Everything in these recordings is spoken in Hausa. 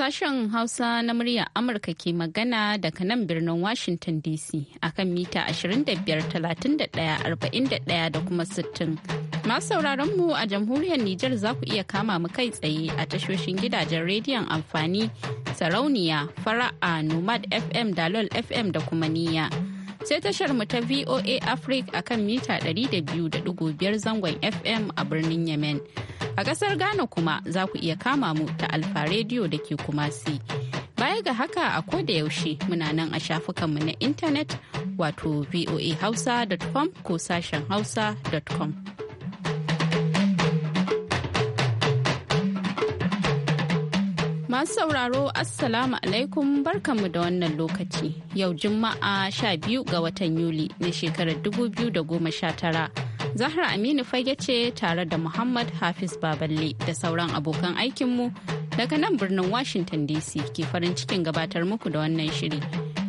Sashen Hausa na muryar Amurka ke magana daga nan birnin Washington DC akan mita 25-31-41 da kuma 60. Masu sauraron mu a jamhuriyar Nijar za ku iya kama mu kai tsaye a tashoshin gidajen rediyon amfani sarauniya fara'a nomad FM dalol FM da kuma niyya. sai tashar mu ta VOA Africa akan mita 200.5 zangon FM a birnin Yemen. A kasar Ghana kuma za ku iya kama mu ta Alfa Radio da ke Kumasi. Baya ga haka a da yaushe muna nan a shafukanmu na intanet wato voahausa.com ko sashen hausa.com. Masu sauraro Assalamu alaikum barkanmu da wannan lokaci. Yau Juma'a 12 ga watan Yuli na shekarar 2019. Zahra Aminu fage ce tare da Muhammad Hafiz Baballe da sauran abokan aikinmu daga nan birnin Washington DC ke farin cikin gabatar muku da wannan shiri.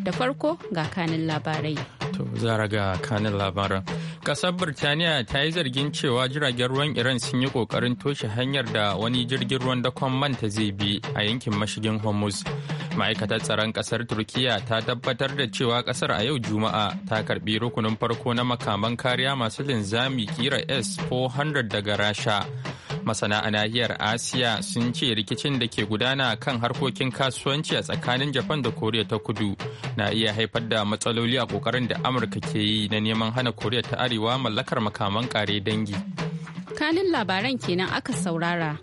Da farko ga kanin labarai. To, zara ga kanin labaran. Kasar Birtaniya ta yi zargin cewa jiragen ruwan Iran sun yi kokarin toshe hanyar da wani jirgin ruwan dakon manta zai bi a yankin mashigin Hormuz. Ma'aikatar tsaron kasar Turkiya ta tabbatar da cewa kasar a yau Juma'a ta karbi rukunin farko na makaman kariya masu linzami kira S-400 daga Rasha. masana asiya sun ce rikicin da ke gudana kan harkokin kasuwanci a tsakanin japan da koriya ta kudu na iya haifar da matsaloli a kokarin da amurka ke yi na neman hana koriya ta arewa mallakar makaman kare dangi kanin labaran kenan aka saurara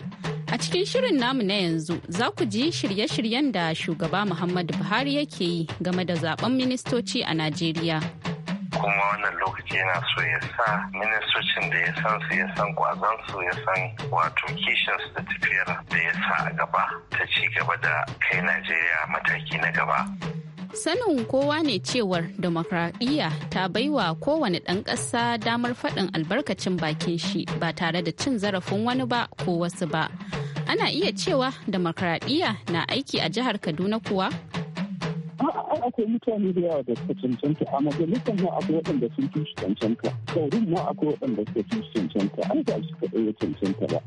a cikin shirin namu na yanzu za ku ji shirye-shiryen da shugaba muhammadu buhari yake yi game da zaben ministoci a najeriya kuma wannan lokaci yana so ya sa ministocin da ya san su ya san kwazon su ya san wato kishin su da tafiyar da ya sa a gaba ta ci gaba da kai najeriya mataki na gaba sanin kowa ne cewar demokradiyya ta baiwa kowane ɗan ƙasa damar faɗin albarkacin bakin shi ba tare da cin zarafin wani ba ko wasu ba ana iya cewa demokradiyya na aiki a jihar kaduna kuwa a'a akwai mutane da da suka cancanta a ma akwai waɗanda sun fi cancanta saurin ma akwai waɗanda suka fi cancanta an ba kaɗai ya cancanta ba.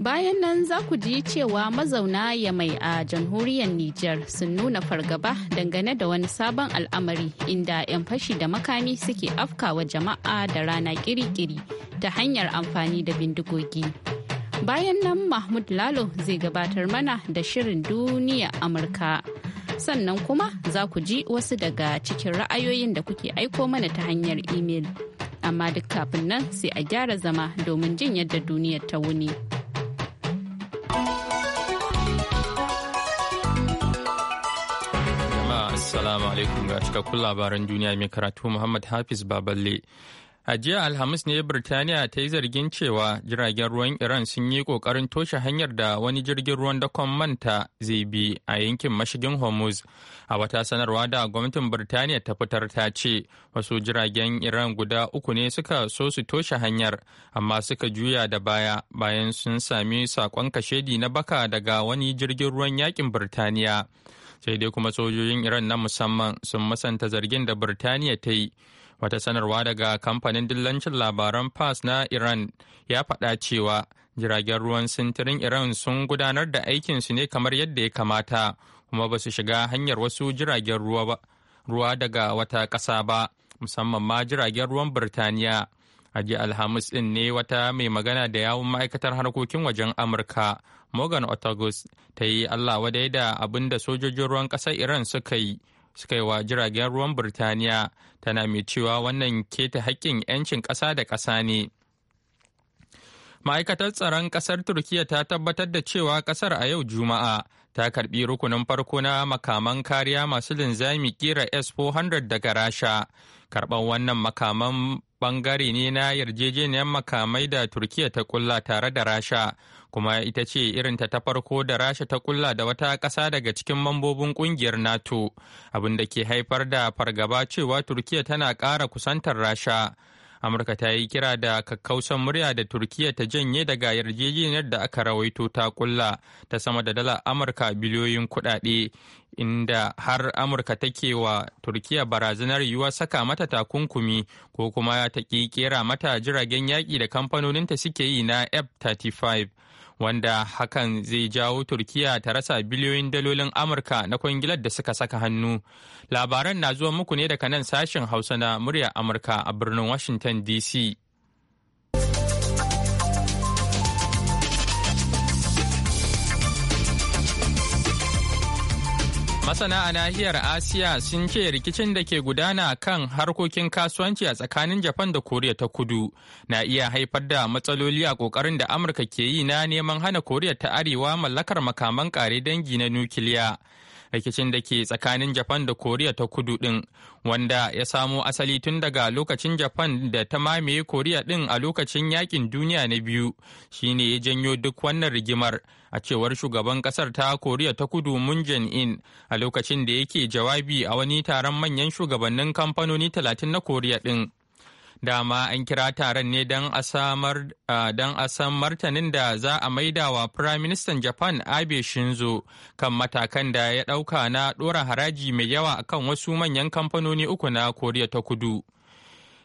Bayan nan za ku ji cewa mazauna ya mai a jamhuriyar Nijar sun nuna fargaba dangane da wani sabon al'amari inda 'yan fashi da makami suke afkawa jama'a da rana kiri-kiri ta hanyar amfani da bindigogi. Bayan nan Mahmud Lalo zai gabatar mana da shirin duniya Amurka. sannan kuma za ku ji wasu daga cikin ra'ayoyin da kuke aiko mana ta hanyar imel. Amma duk kafin nan sai a gyara zama domin jin yadda duniyar ta wuni. Jama'a Assalamu alaikum ga cikakkun labaran duniya mai karatu Muhammad Hafiz Baballe. A jiya Alhamis ne Birtaniya ta yi zargin cewa jiragen ruwan Iran sun yi ƙoƙarin toshe hanyar da wani jirgin ruwan dakon manta zai bi a yankin mashigin Hormuz. A wata sanarwa da gwamnatin Birtaniya ta fitar ta ce wasu jiragen Iran guda uku ne suka so su toshe hanyar amma suka juya da baya bayan sun sami saƙon kashedi na baka daga wani jirgin ruwan yakin Birtaniya. Sai dai kuma sojojin Iran na musamman sun masanta zargin da Birtaniya ta yi. Wata sanarwa daga kamfanin dillancin labaran pas na Iran ya faɗa cewa jiragen ruwan sintirin Iran sun gudanar da aikinsu ne kamar yadda ya kamata kuma ba su shiga hanyar wasu jiragen ruwa daga wata ƙasa ba, musamman ma jiragen ruwan Birtaniya. A jiya Alhamis ɗin ne wata mai magana da yawun ma'aikatar harkokin wajen Amurka, Morgan Otagus, ta yi Allah wadai da abin da sojojin ruwan ƙasar Iran suka yi suka yi wa jiragen ruwan Birtaniya tana mai cewa wannan keta haƙƙin 'yancin ƙasa da ƙasa ne. Ma'aikatar tsaron ƙasar Turkiyya ta tabbatar da cewa ƙasar a yau Juma'a ta karɓi rukunin farko na makaman kariya masu linzami kira S-400 daga Rasha. Karɓar wannan makaman bangare ne na yarjejeniyar makamai da Turkiyya ta ƙulla tare da Rasha kuma ita ce irinta ta farko da rasha ta kulla da wata ƙasa daga cikin mambobin ƙungiyar nato abin da ke haifar da fargaba cewa turkiya tana ƙara kusantar rasha amurka ta yi kira da kakkausan murya da turkiya ta janye daga yarjejeniyar da aka rawaito ta kulla ta sama da dala amurka biliyoyin kudade inda har amurka take wa turkiya barazanar yiwuwa saka mata takunkumi ko kuma ta ƙi kera mata jiragen yaƙi da kamfanoninta suke yi na f-35 wanda hakan zai jawo turkiya ta rasa biliyoyin dalolin amurka na kwangilar da suka saka hannu labaran na zuwa muku ne daga nan sashen hausa na murya amurka a birnin washington dc Masana a nahiyar Asiya sun ce rikicin da ke gudana kan harkokin kasuwanci a tsakanin Japan da Koriya ta kudu na iya haifar da matsaloli a kokarin da Amurka ke yi na neman hana Koriya ta Arewa mallakar makaman kare dangi na nukiliya. rikicin da ke tsakanin japan da koriya ta kudu ɗin wanda ya samo asali tun daga lokacin japan da ta mamaye koriya ɗin a lokacin yakin duniya na biyu shine ya janyo duk wannan rigimar a cewar shugaban kasar ta koriya ta kudu moon in a lokacin da yake jawabi a wani taron manyan shugabannin kamfanoni 30 na koriya ɗin dama an kira taron ne don a san martanin da za a maida maidawa firaministan japan abe shinzo kan matakan da ya dauka na dora haraji mai yawa akan wasu manyan kamfanoni uku na koriya ta kudu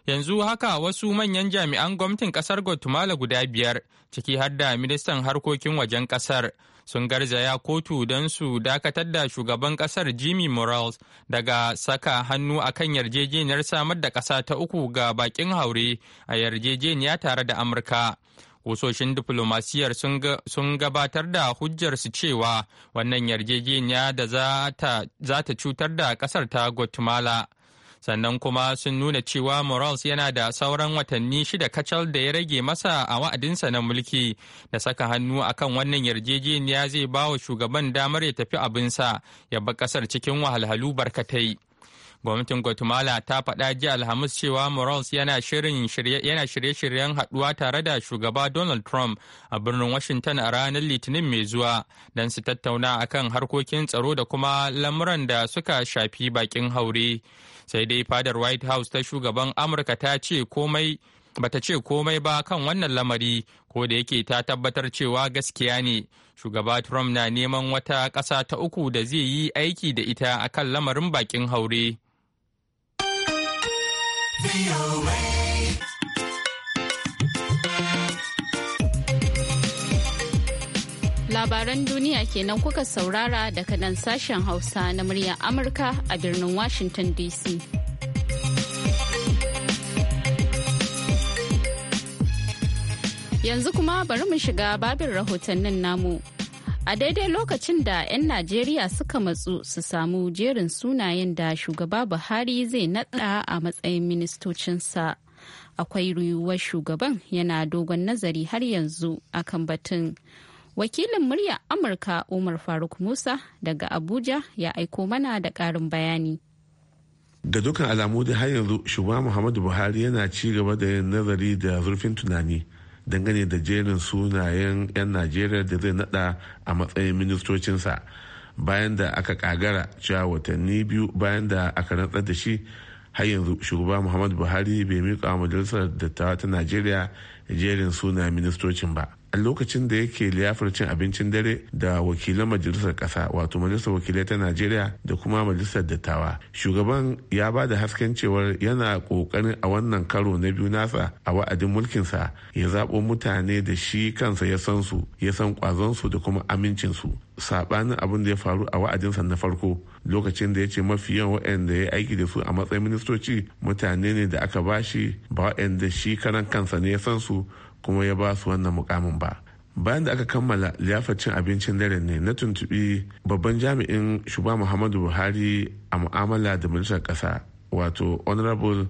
yanzu haka wasu manyan jami'an gwamnatin kasar guatemala guda biyar ciki har da ministan harkokin wajen kasar sun garzaya kotu don su dakatar da shugaban kasar jimmy morales daga saka hannu a kan yarjejeniyar samar da ƙasa ta uku ga bakin haure a yarjejeniya tare da amurka kusoshin diplomasiyar sun gabatar da hujjarsu cewa wannan yarjejeniya da za ta cutar da kasar ta guatemala sannan kuma sun nuna cewa Morales yana da sauran watanni shida kacal da ya rage masa a wa'adinsa na mulki da saka hannu akan wannan yarjejeniya zai ba wa shugaban damar ya tafi abinsa ya bar kasar cikin wahalhalu barkatai. Gwamnatin Guatemala ta faɗa jiya Alhamis cewa Morales yana shirye-shiryen haɗuwa tare da shugaba Donald Trump a birnin Washington a ranar Litinin mai zuwa don su tattauna akan harkokin tsaro da kuma lamuran da suka shafi bakin haure. Sai dai fadar White House ta shugaban Amurka ta ce komai bata ce komai ba kan wannan lamari ko da yake ta tabbatar cewa gaskiya ne shugaba trump na neman wata ƙasa ta uku da zai yi aiki da ita akan lamarin bakin haure Labaran duniya kenan kuka saurara daga nan sashen Hausa na muryar Amurka a birnin Washington DC. Yanzu kuma bari mu shiga babin rahotannin namu. a daidai lokacin da 'yan najeriya suka matsu su samu jerin sunayen da shugaba buhari zai naɗa a matsayin ministocinsa akwai ruyuwar shugaban yana dogon nazari har yanzu akan batun wakilin murya amurka umar faruk musa daga abuja ya aiko mana da ƙarin bayani da dukkan alamu da har yanzu shugaba muhammadu buhari yana ci gaba da yin nazari da zurfin tunani dangane da jerin sunayen 'yan najeriya da zai nada a matsayin ministocinsa bayan da aka kagara cewa watanni biyu bayan da aka rantsar da shi har yanzu shugaba muhammadu buhari bai miƙa majalisar dattawa ta najeriya jerin sunayen ministocin ba lokacin da yake liyafar cin abincin dare da wakilan majalisar kasa wato majalisar wakilai ta najeriya da kuma majalisar dattawa shugaban ya ba da hasken cewar yana kokarin a wannan karo na biyu nasa a wa'adin mulkinsa ya zaɓo mutane da shi kansa ya san su ya san kwazon su da kuma amincin su sabanin abin da ya faru a wa'adin sa na farko lokacin da ya ce mafi yawan wa'anda ya aiki da su a matsayin ministoci mutane ne da aka bashi ba wa'anda shi karan kansa ne ya san su kuma ya ba su wannan mukamin ba bayan da aka kammala liyafar cin abincin dare ne na tuntubi babban jami'in shuba muhammadu buhari a mu'amala da ministan kasa wato honorable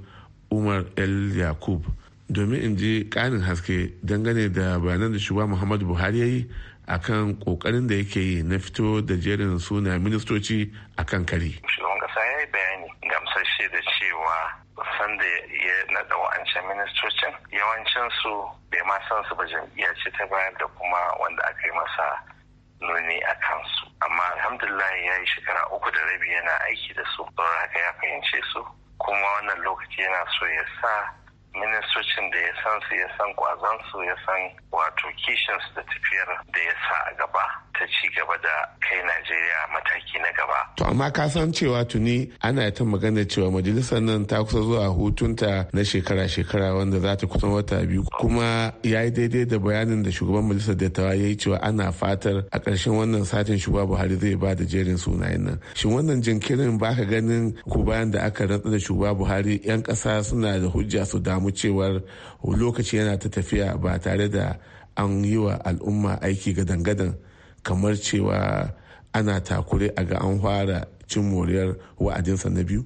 umar el yakub domin in ji ƙarin haske dangane da bayanan da shuba muhammadu buhari ya yi a kan ƙoƙarin da yake yi na fito da jerin suna ministoci a kan kari. da cewa sanda ya naɗa wa'ancan ministocin yawancinsu bai ma san su ba jam'iyya ce ta bayar da kuma wanda aka yi masa nuni a kansu amma alhamdulillah ya yi shekara uku da rabi yana aiki da su don haka ya fahimce su kuma wannan lokaci yana so ya sa ministocin da ya san su ya san kwazon su ya san wato kishin su da tafiyar da ya sa a gaba ta ci gaba da kai Najeriya mataki na gaba. To amma ka san cewa tuni ana ta magana cewa majalisar nan ta kusa zuwa hutunta na shekara-shekara wanda za ta kusan wata biyu kuma ya yi daidai da bayanin da shugaban majalisar tawa ya yi cewa ana fatar a ƙarshen wannan satin shugaba Buhari zai ba da jerin sunayen nan. Shin wannan jinkirin ba ka ganin ku bayan da aka rantsa da shugaba Buhari 'yan ƙasa suna da hujja su damu cewar lokaci yana ta tafiya ba tare da an yi wa al'umma aiki gadan-gadan kamar cewa ana takure a ga an fara cin moriyar wa'adinsa na biyu?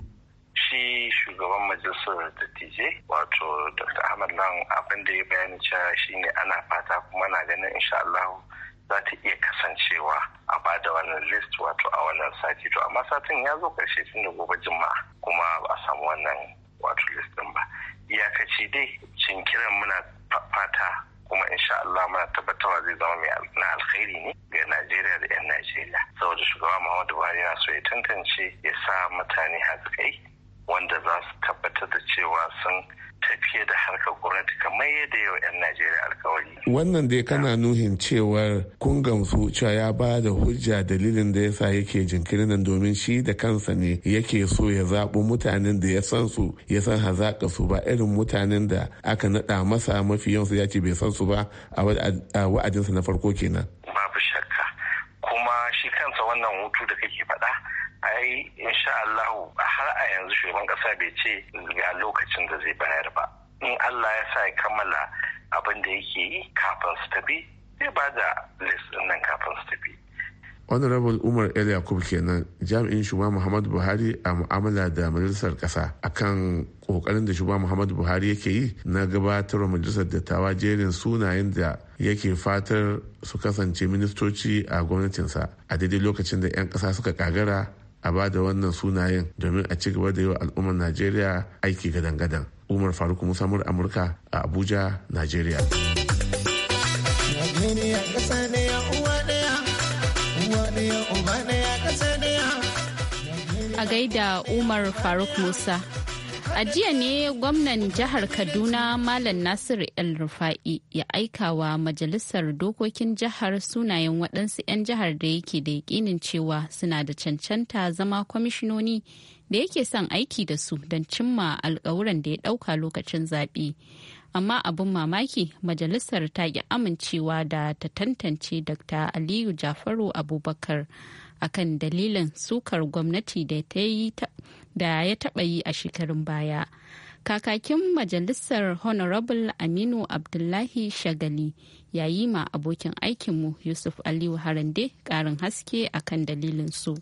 Shi shugaban majalisar dattijai wato Dr. Ahmad nan abin da ya bayani cewa shine ana fata kuma na ganin insha Allah za ta iya kasancewa a ba da wannan list wato a wannan sati to amma satin ya zo karshe tun da gobe juma'a kuma ba a samu wannan wato list din ba iyakaci dai kiran muna fata kuma insha Allah muna tabbatarwa zai zama mai na alkhairi ne ga Najeriya da 'yan Najeriya saboda shugaba Muhammadu Buhari yana so ya tantance ya sa mutane hazikai wanda za su tabbatar da cewa sun tafiye da harkar gwamnati kamar yadda yau 'yan Najeriya alkawari. Wannan dai kana nuhin cewar kun gamsu cewa ya ba da hujja dalilin da yasa yake jinkirin nan domin shi da kansa ne yake so ya zaɓi mutanen da ya san su ya san hazaƙa su ba irin mutanen da aka naɗa masa mafi yawansu ya ce bai san su ba a wa'adinsa na farko kenan. Babu shakka kuma shi kansa wannan hutu da kake faɗa ai insha Allah har a yanzu shugaban kasa bai ce ga lokacin da zai bayar ba in Allah ya sa ya kammala abin da yake yi kafin su tafi zai ba da list nan kafin su tafi honorable umar el yakub kenan jami'in shugaba muhammadu buhari a mu'amala da majalisar kasa kan kokarin da shugaba muhammadu buhari yake yi na gabatar wa majalisar dattawa jerin sunayen da yake fatar su kasance ministoci a gwamnatinsa a daidai lokacin da 'yan kasa suka kagara a ba da wannan sunayen domin a ci gaba da yi wa al'ummar najeriya aiki gadan-gadan umar faruk musa amurka a abuja najeriya a gaida umar faruk musa A jiya ne gwamnan jihar Kaduna Malam Nasir El Rufa'i ya aika wa majalisar dokokin jihar sunayen waɗansu 'yan jihar da yake da yaƙinin cewa suna da cancanta zama kwamishinoni da yake son aiki da su don cimma alkawuran da ya ɗauka lokacin zaɓe. Amma abin mamaki majalisar ta ƙi amincewa da ta tantance Dr. Aliyu Jafaru Abubakar akan dalilin sukar gwamnati da ta yi ta. da ya taɓa yi a shekarun baya. Kakakin Majalisar Honorable Aminu Abdullahi Shagali yayi ma abokin aikinmu Yusuf Aliyu Harande ƙarin haske akan dalilin su.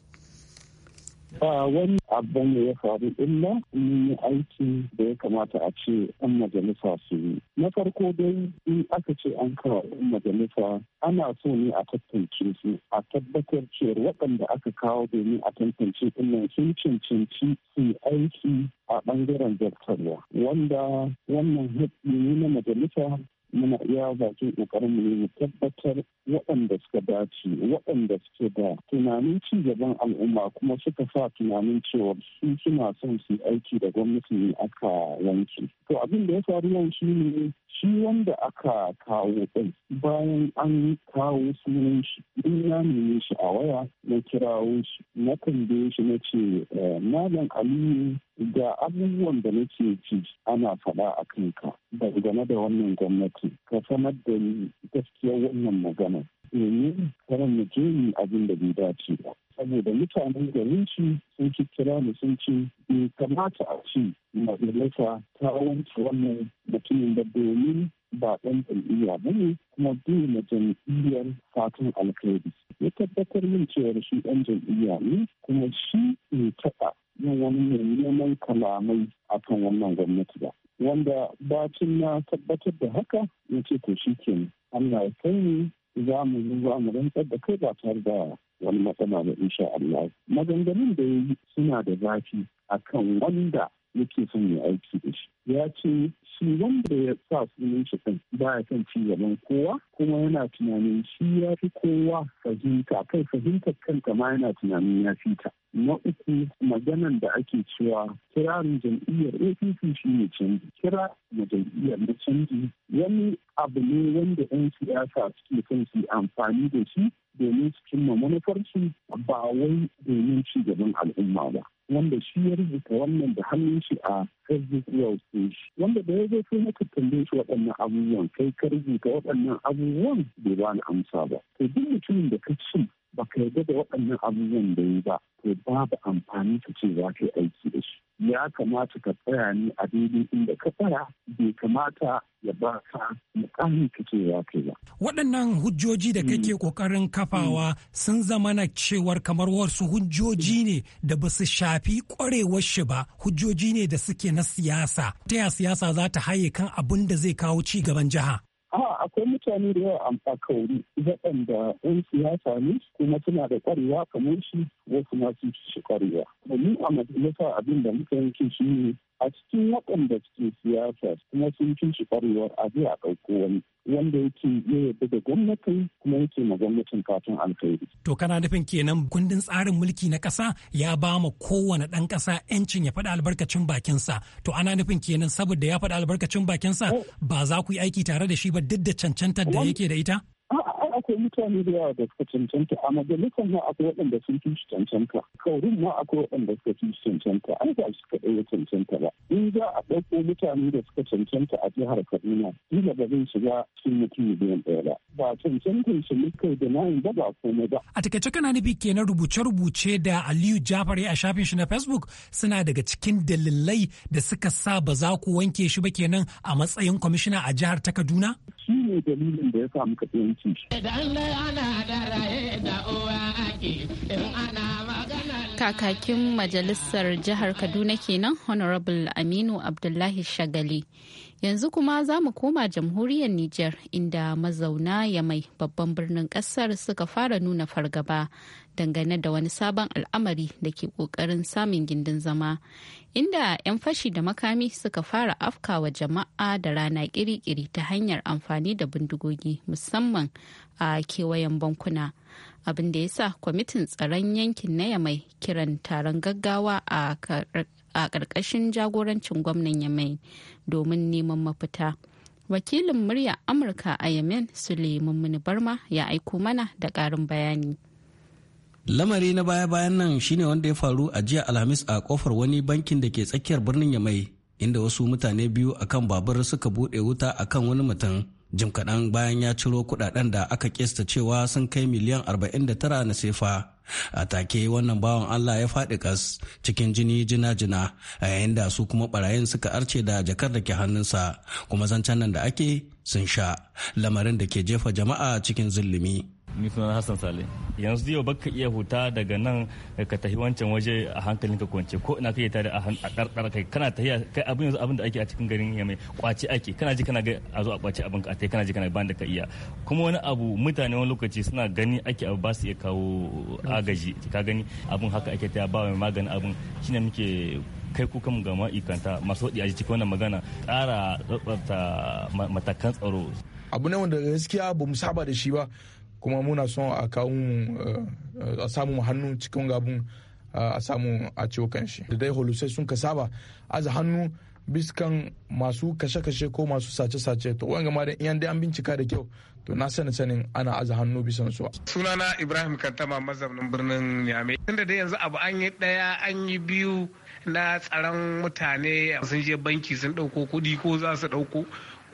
ba wani abin da ya faru illa mun yi aiki da ya kamata a ce an majalisa su yi na farko dai in aka ce an kawo yan majalisa ana so ne a tantance su a tabbatar cewa waɗanda aka kawo domin a tantance ɗinnan sun cancanci su aiki a ɓangaren zartarwa wanda wannan ne na majalisa muna iya bakin kokarin mu mu tabbatar waɗanda suka dace waɗanda suke da tunanin ci gaban al'umma kuma suka sa tunanin cewa su suna son su aiki da gwamnati ne aka yanki to abin da ya faru nan ne. shi wanda aka kawo ɗin bayan an kawo sunan shi in ya nemi shi a waya na kirawo shi na tambaye shi na ce eh, malam aliyu ga abubuwan da nake ci ana faɗa a kanka dangane da wannan gwamnati ka sanar da ni gaskiyar wannan magana domin karan mu je yi abin da bai dace ba. Saboda mutanen garin shi sun kira mu sun ci. bai kamata a ce majalisa ta wanke wannan mutumin da domin ba ɗan jam'iyya ba ne kuma bai na jam'iyyar fatan alkhairi. Ya tabbatar min cewa shi ɗan jam'iyya ne kuma shi ne taɓa yin wani neman kalamai akan wannan gwamnati ba. Wanda bacin na tabbatar da haka ya ce to shi kenan. Allah ya kai za mu duba mu rantsar da kai ba tare da wani matsala ba insha Allah. Maganganun da ya yi suna da zafi akan wanda yake son ya aiki da shi. Ya ce shi wanda ya sa sunan shi kan ya kan ci gaban kowa kuma yana tunanin shi ya fi kowa fahimta kai fahimtar kanta ma yana tunanin ya fi ta na uku maganan da ake cewa kirarin jam'iyyar apc shi ne canji kira na jam'iyyar na canji wani abu ne wanda 'yan siyasa suke son su amfani da shi domin su cimma manufarsu ba wai domin ci gaban al'umma ba wanda shi ya rubuta wannan da hannun shi a facebook yau sun shi wanda da ya zo sai na tambaye shi waɗannan abubuwan kai ka rubuta waɗannan abubuwan bai ba ni amsa ba to duk mutumin da ka ci baka yarda da waɗannan abubuwan da yi ba to babu amfani ka ce za ka yi aiki da shi ya kamata ka tsaya ne a daidai inda ka tsaya bai kamata ya ba ka mukamin kake ya kai ba. Waɗannan hujjoji da kake mm. ƙoƙarin kafawa mm. sun zama na cewar kamar wasu hujjoji ne da ba su shafi ƙwarewar shi ba hujjoji ne da suke na siyasa. Ta ya siyasa za ta haye kan abin da zai kawo ci gaban jiha. A akwai mutane da yawa a kauri waɗanda ɗan siyasa ne kuma suna da ƙwarewa kamar shi wasu ma sun shi ƙwarewa. Domin a majalisa abin da muka yanke shi ne a cikin waɗanda suke siyasa kuma sun cin shi ƙwarewar zai a ɗauko wani wanda yake ya yarda da gwamnati kuma yake ma gwamnatin kafin alkhairi. To kana nufin kenan kundin tsarin mulki na ƙasa ya ba ma kowane ɗan ƙasa 'yancin ya faɗi albarkacin bakinsa. To ana nufin kenan saboda ya faɗi albarkacin bakinsa eh. ba za ku yi aiki tare da shi ba duk da cancantar da yake da ita? akwai mutane da yawa da suka cancanta a majalisar ma akwai waɗanda sun fi cancanta kaurin ma akwai waɗanda suka fi cancanta an ba su kaɗai ya cancanta ba in za a ɗauko mutane da suka cancanta a jihar kaduna kila ba zan shiga cikin mutum miliyan ɗaya ba ba cancantan shi muka da nayin ba ba komai ba. a takaice kana nufi kenan rubuce-rubuce da aliyu jafari a shafin shi na facebook suna daga cikin dalilai da suka sa ba za ku wanke shi ba kenan a matsayin kwamishina a jihar ta kaduna. shi ne dalilin da ya sa muka shi. Idan Kakakin majalisar jihar Kaduna kenan Honorable Aminu Abdullahi Shagali. Yanzu kuma za mu koma jamhuriyar Nijar inda mazauna ya mai babban birnin kasar suka fara nuna fargaba dangane da wani sabon al'amari da ke kokarin samun gindin zama inda 'yan fashi da makami suka fara afkawa jama'a da rana kiri-kiri ta hanyar amfani da bindigogi musamman a kewayen bankuna abin da ya sa kwamitin tsaron yankin na yamai kiran taron gaggawa a ƙarƙashin jagorancin gwamnan yamai domin neman mafita. wakilin murya amurka a yemen suleiman barma ya aiko mana da ƙarin bayani lamari na baya-bayan nan shine wanda ya faru a jiya alhamis a kofar wani bankin da ke tsakiyar birnin yamai inda wasu mutane biyu akan babur suka bude wuta akan wani mutum jim kaɗan bayan ya ciro kuɗaɗen da aka kesta cewa sun kai miliyan 49 na sefa a take wannan bawan allah ya faɗi kas cikin jini jina-jina a yayin da su kuma barayin suka arce da jakar da ke hannunsa kuma zancen nan da ake sun sha lamarin da ke jefa jama'a cikin zulumi. ni sunan Hassan Sale yanzu yau baka iya huta daga nan ka tafi wancan waje a hankalinka kwance ko ina kai tare a karkar kai kana tafiya kai abin yanzu abin da ake a cikin garin ya mai kwace ake kana ji kana ga a zo a kwace abin ka kana ji kana banda da ka iya kuma wani abu mutane wani lokaci suna gani ake abu ba su iya kawo agaji ka gani abin haka ake ta ba mai maganin abin shine muke kai mu ga ma'aikanta masu waɗi a cikin wannan magana ƙara tsatsarta matakan tsaro abu ne wanda gaskiya ba mu saba da shi ba kuma muna son a kawo eh, a samu hannu cikin gabun a samu a ciwo kan shi da dai holusai sun ka saba aza hannu biskan masu kashe-kashe ko masu sace-sace to wanga ma da iyan dai an bincika da kyau to na sani sanin ana aza hannu bisan su sunana ibrahim kantama mazaunin birnin niamey tunda dai yanzu abu an yi daya an yi biyu na tsaron mutane sun je banki sun dauko kudi ko za su dauko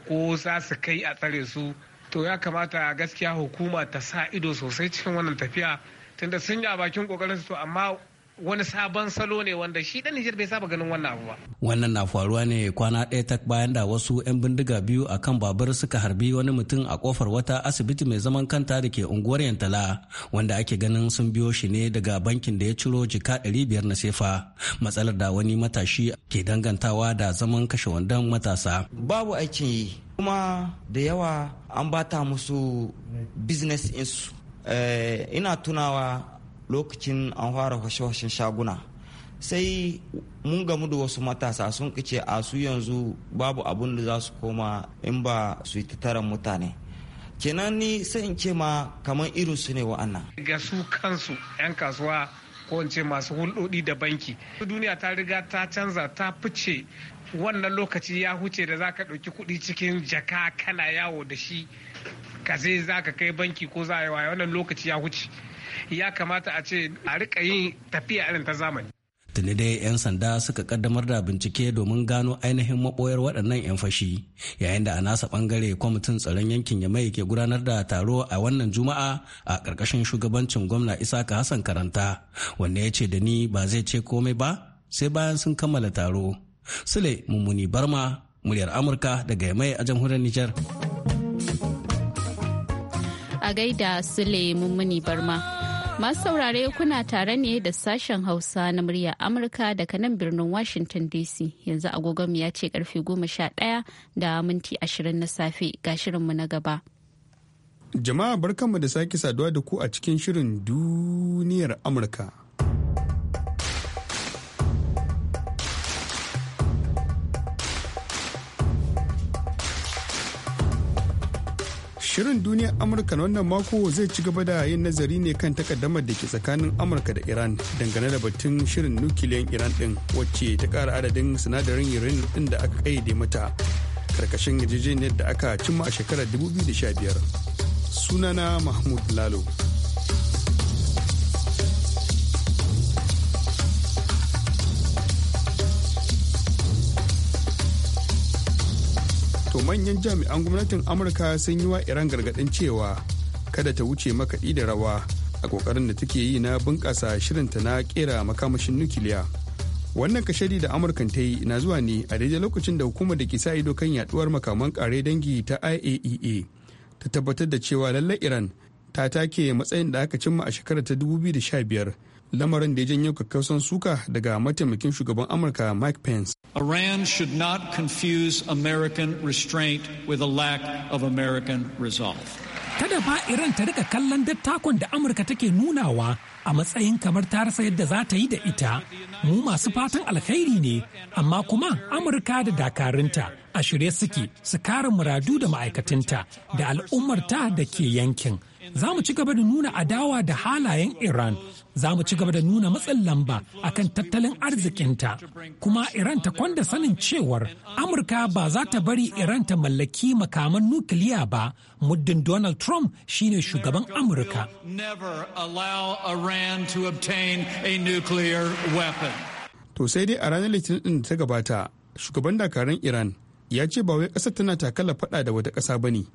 ko za su kai a tsare su to ya kamata gaskiya hukuma ta sa ido sosai cikin wannan tafiya tunda sun yi a bakin kokarin su amma wani sabon salo ne wanda shi dan Nijar bai saba ganin wannan abu ba. Wannan na faruwa ne kwana ɗaya ta bayan da wasu 'yan bindiga biyu a kan babur suka harbi wani mutum a kofar wata asibiti mai zaman kanta da ke unguwar Yantala wanda ake ganin sun biyo shi ne daga bankin da ya ciro jika 500 na sefa. Matsalar da wani matashi ke dangantawa da zaman kashe wandon matasa. Babu aikin yi kuma da yawa an bata musu business insu. Eh, ina tunawa lokacin an fara fashe-fashen shaguna sai mun gamu da wasu matasa sun kice a su yanzu babu abun da za su koma in ba su yi tattaren mutane kenan ni sai in ce ma kamar irin su ne wa'annan ga su kansu 'yan kasuwa ko in ce masu hulɗoɗi da banki duniya ta riga ta canza ta fice wannan lokaci ya huce da za ka ɗauki kuɗi cikin jaka kana yawo da shi ka sai za ka kai banki ko za a yi wa wannan lokaci ya wuce ya kamata a ce a rika yin tafiya irin ta zamani tuni dai 'yan sanda suka kaddamar da bincike domin gano ainihin maboyar waɗannan 'yan fashi yayin da a nasa bangare kwamitin tsaron yankin ya mai ke gudanar da taro a wannan juma'a a ƙarƙashin shugabancin gwamna isaka hassan karanta wanda ya ce da ni ba zai ce komai ba sai bayan sun kammala taro sule mummuni barma muryar amurka daga mai a jamhuriyar nijar. a gaida Sule Mummuni Barma. Masu saurare kuna tare ne da sashen Hausa na murya Amurka daga nan birnin Washington DC yanzu agogon ya ce karfe goma sha ɗaya da minti ashirin na safe ga shirinmu na gaba. Jama'a barkanmu da sake saduwa da ku a cikin shirin duniyar Amurka. Shirin duniyar Amurka na wannan mako zai ci gaba da yin nazari ne kan takaddamar da ke tsakanin Amurka da Iran dangane da batun shirin nukiliyan Iran din wacce ta kara adadin sinadarin uranium din da aka kayyade mata karkashin yarjejeniyar da aka cimma a shekarar 2015. Sunana Mahmud Lalo. to manyan jami'an gwamnatin amurka sun yi wa iran gargaɗin cewa kada ta wuce makaɗi da rawa a ƙoƙarin da take yi na bunƙasa shirinta na kera makamashin nukiliya wannan kashari da amurkan ta yi na zuwa ne a daidai lokacin da hukumar da ke sa ido kan yaduwar makaman kare dangi ta iaea e ta tabbatar da cewa lallai iran ta take matsayin da aka cimma a shekarar ta 2015 lamarin da ya janyo kakkausan suka daga mataimakin shugaban amurka mike pence iran should not confuse american restraint with a lack of american resolve kada fa iran ta rika kallon dattakon da amurka take nunawa a matsayin kamar ta rasa yadda za ta yi da ita mu masu fatan alkhairi ne amma kuma amurka da dakarunta a shirye suke su kare muradu da ma'aikatanta da al'ummarta da ke yankin za mu ci gaba da nuna adawa da halayen iran za mu ci gaba da nuna matsin lamba a kan tattalin arzikinta kuma iran ta kwanda sanin cewar amurka ba za ta bari iran ta mallaki makaman nukiliya ba muddin donald trump shine shugaban amurka to sai dai a ranar litinin din ta gabata shugaban dakarun iran ya ce ba wai ƙasar tana takalla fada da wata kasa bane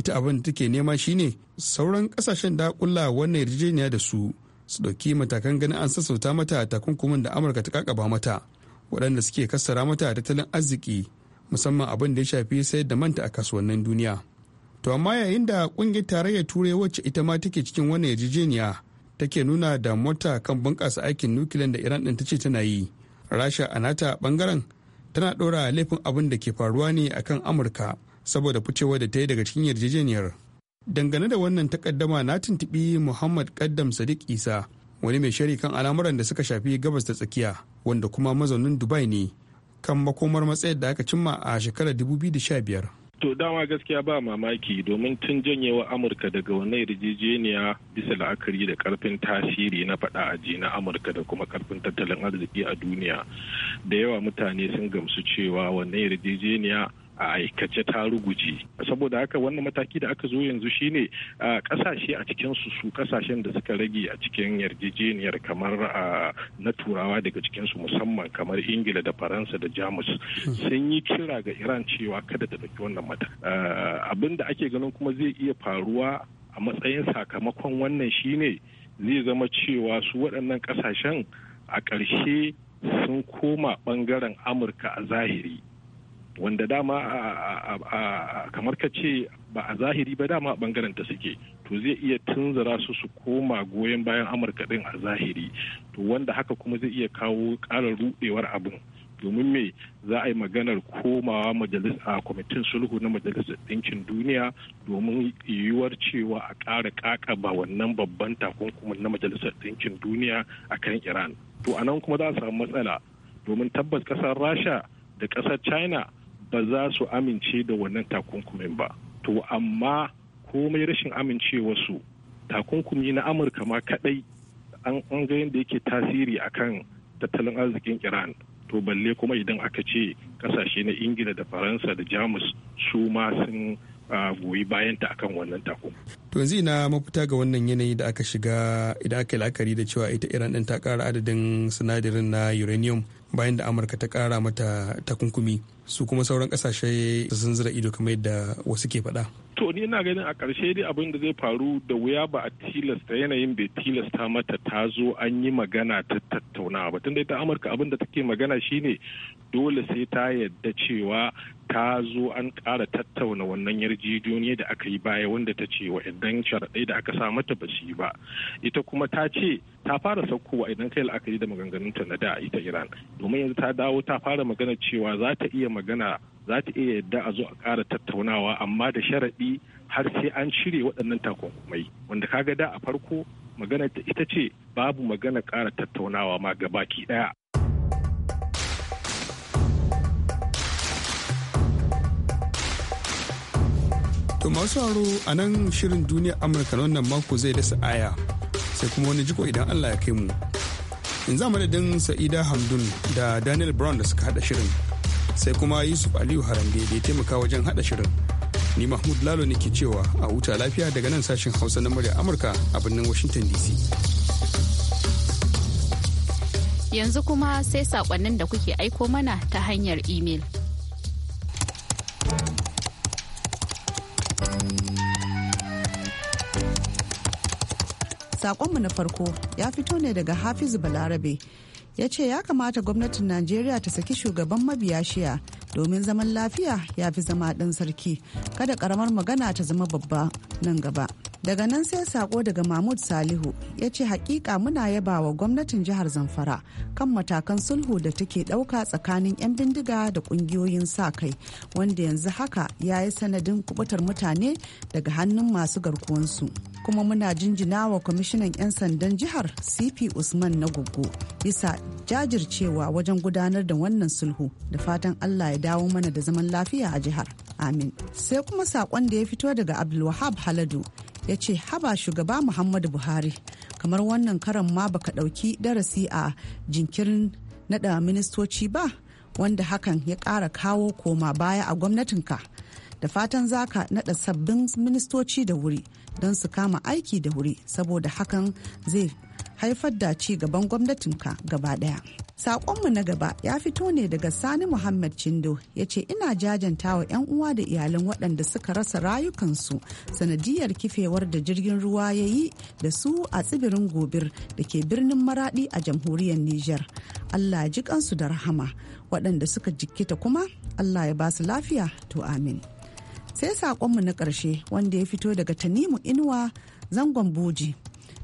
ita abin da take nema shine sauran kasashen da kulla wannan yarjejeniya da su su ɗauki matakan ganin an sassauta mata takunkumin da amurka ta kakaba mata waɗanda suke kassara mata tattalin arziki musamman abin da ya shafi sayar da manta a kasuwannin duniya to amma yayin da ƙungiyar tarayyar turai wacce ita ma take cikin wannan yarjejeniya take nuna da mota kan bunƙasa aikin nukiliyan da iran ɗin ta ce tana yi rasha a nata ɓangaren tana ɗora laifin abin da ke faruwa ne akan amurka saboda ficewa da ta yi daga cikin yarjejeniyar dangane da wannan takaddama na tuntubi muhammad kaddam sadiq isa wani mai shari kan al'amuran da suka shafi gabas da tsakiya wanda kuma mazaunin dubai ne kan makomar matsayar da aka cimma a shekarar 2015 to dama gaskiya ba mamaki domin tun janyewa amurka daga wannan yarjejeniya bisa la'akari da karfin tasiri na faɗa aji na amurka da kuma karfin tattalin arziki a duniya da yawa mutane sun gamsu cewa wannan yarjejeniya a aikace ta ruguje saboda haka wannan mataki da aka zo yanzu shine kasashe a cikin su su kasashen da suka rage a cikin yarjejeniyar kamar na turawa daga cikin su musamman kamar ingila da faransa da jamus hmm. sun yi kira ga iran cewa kada ta dauki wannan mata abin da ake ganin kuma zai iya faruwa a matsayin sakamakon wannan shine zai zama cewa su waɗannan kasashen a ƙarshe sun koma ɓangaren amurka a zahiri wanda dama kamar ka ce ba a zahiri ba dama a bangaren ta suke to zai iya tunzura su su koma goyon bayan amurka din a zahiri to wanda haka kuma zai iya kawo karar rudewar abin domin me za a yi maganar komawa majalis a kwamitin sulhu na majalisar ɗinkin duniya domin yiwuwar cewa a ƙara ba wannan babban takunkumin na majalisar ɗinkin duniya a kan iran to anan kuma za a samu matsala domin tabbas ƙasar rasha da ƙasar china ba za su amince da wannan takunkumin ba to amma komai rashin amincewarsu takunkumi na amurka ma kadai an ga yadda yake tasiri akan tattalin arzikin iran to balle kuma idan aka ce kasashe na ingila da faransa da jamus su ma sun goyi bayanta akan wannan takunkumi to yanzu ina mafita ga wannan yanayi da aka shiga idan aka yi la'akari da cewa ita iran din ta kara adadin sinadarin na uranium bayan da amurka ta kara mata takunkumi su kuma sauran kasashe sun zira ido kamar yadda wasu ke faɗa. To ni ina ganin a ƙarshe dai abin da zai faru da wuya ba a tilasta yanayin bai tilasta mata ta zo an yi magana ta tattaunawa ba tun dai ta Amurka abin da take magana shine dole sai ta yadda cewa ta zo an kara tattauna wannan yarjejeniya da aka yi baya wanda ta ce wa idan sharaɗai da aka sa mata ba su yi ba ita kuma ta ce ta fara sauko saukowa idan kai la'akari da maganganunta na da ita iran domin yanzu ta dawo ta fara magana cewa za ta iya magana za ta iya yadda a zo a kara tattaunawa amma da sharaɗi har sai an shirya waɗannan takunkumai wanda kaga da a farko magana ita ce babu magana kara tattaunawa ma gabaki ɗaya To masu haro a nan shirin duniya Amurka na wannan mako zai dasa aya sai kuma wani jiko idan Allah ya kai mu. In za madadin Sa'ida Hamdun da Daniel Brown da suka hada shirin sai kuma Yusuf Aliyu Harande da ya taimaka wajen hada shirin. Ni Mahmud Lalo ne ke cewa a huta lafiya daga nan sashen Hausa na murya Amurka a birnin Washington DC. Yanzu kuma sai saƙonnin da kuke aiko mana ta hanyar imel. Sakonmu na farko ya fito ne daga Hafizu Balarabe. ya ce ya kamata gwamnatin najeriya ta saki shugaban mabiya shiya domin zaman lafiya ya fi zama ɗan sarki kada ƙaramar magana ta zama babba nan gaba daga nan sai sako daga mahmud salihu ya ce hakika muna yaba wa gwamnatin jihar zamfara kan matakan sulhu da take dauka tsakanin 'yan bindiga da kungiyoyin sa kai wanda yanzu haka ya yi sanadin kubutar mutane daga hannun masu garkuwansu kuma muna jinjina wa kwamishinan 'yan sandan jihar cp usman na gugu bisa jajircewa wajen gudanar da wannan sulhu da fatan allah ya dawo mana da zaman lafiya a jihar amin sai kuma saƙon da ya fito daga abdulwahab haladu ya ce haba shugaba muhammadu buhari kamar wannan karan ma baka ɗauki darasi a jinkirin naɗa ministoci ba wanda hakan ya ƙara kawo koma baya a gwamnatinka da fatan zaka naɗa sabbin ministoci da wuri don su kama aiki da wuri saboda hakan zai haifar da ci gaban gwamnatinka gaba daya. Saƙonmu na gaba ya fito ne daga Sani Muhammad Chindo ya ce ina jajanta wa 'yan uwa da iyalan waɗanda suka rasa rayukansu sanadiyar kifewar da jirgin ruwa ya yi da su a tsibirin gobir da ke birnin Maraɗi a jamhuriyar Nijar. Allah ji kansu da rahama waɗanda suka jikkita kuma Allah ya ba su lafiya to amin. Sai saƙonmu na ƙarshe wanda ya fito daga Tanimu Inuwa zangon buji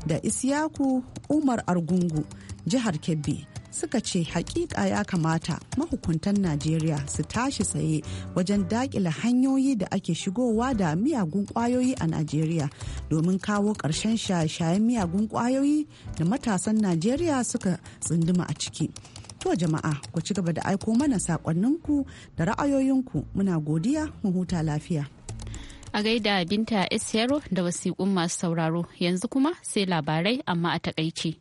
da Isiyaku Umar Argungu jihar Kebbi. suka ce hakika ya kamata mahukuntan najeriya su tashi tsaye wajen dakila hanyoyi da ake shigowa da miyagun kwayoyi a najeriya domin kawo ƙarshen shaye-shayen miyagun kwayoyi da matasan najeriya suka tsunduma a ciki to jama'a ku ci gaba da aiko mana sakonninku da ra'ayoyinku muna godiya mu huta lafiya a gaida binta Esero da wasiƙun masu sauraro yanzu kuma sai labarai amma a taƙaice.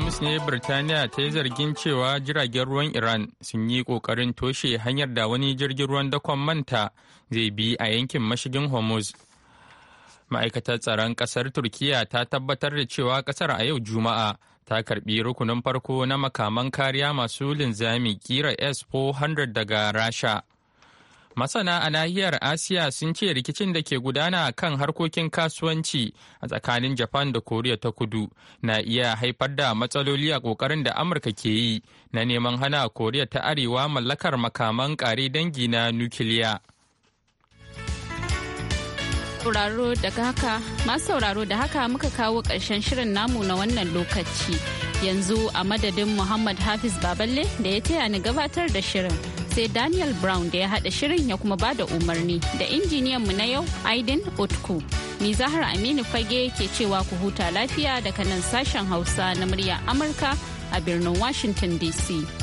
Alhamis ne Birtaniya ta yi zargin cewa jiragen ruwan Iran sun yi ƙoƙarin toshe hanyar da wani jirgin ruwan dakon manta zai bi a yankin mashigin Hormuz. Ma'aikatar tsaron ƙasar Turkiya ta tabbatar da cewa ƙasar a yau Juma'a ta karbi rukunin farko na makaman kariya masu linzami kira S-400 daga Rasha. Masana a nahiyar Asiya sun ce rikicin da ke gudana kan harkokin kasuwanci a tsakanin Japan da Koriya ta kudu na iya haifar da matsaloli a ƙoƙarin da Amurka ke yi na neman hana Koriya ta Arewa mallakar makaman ƙare dangi na nukiliya. sauraro daga haka masu sauraro da haka muka kawo ƙarshen shirin namu na wannan lokaci yanzu a madadin muhammad hafiz baballe da ya taya ni gabatar da shirin sai Daniel Brown da ya haɗa shirin ya kuma bada umarni da injiniyan mu na yau Aidin Otku. Ni Zahra Aminu Fage ke cewa ku huta lafiya daga nan sashen Hausa na murya Amurka a birnin Washington DC.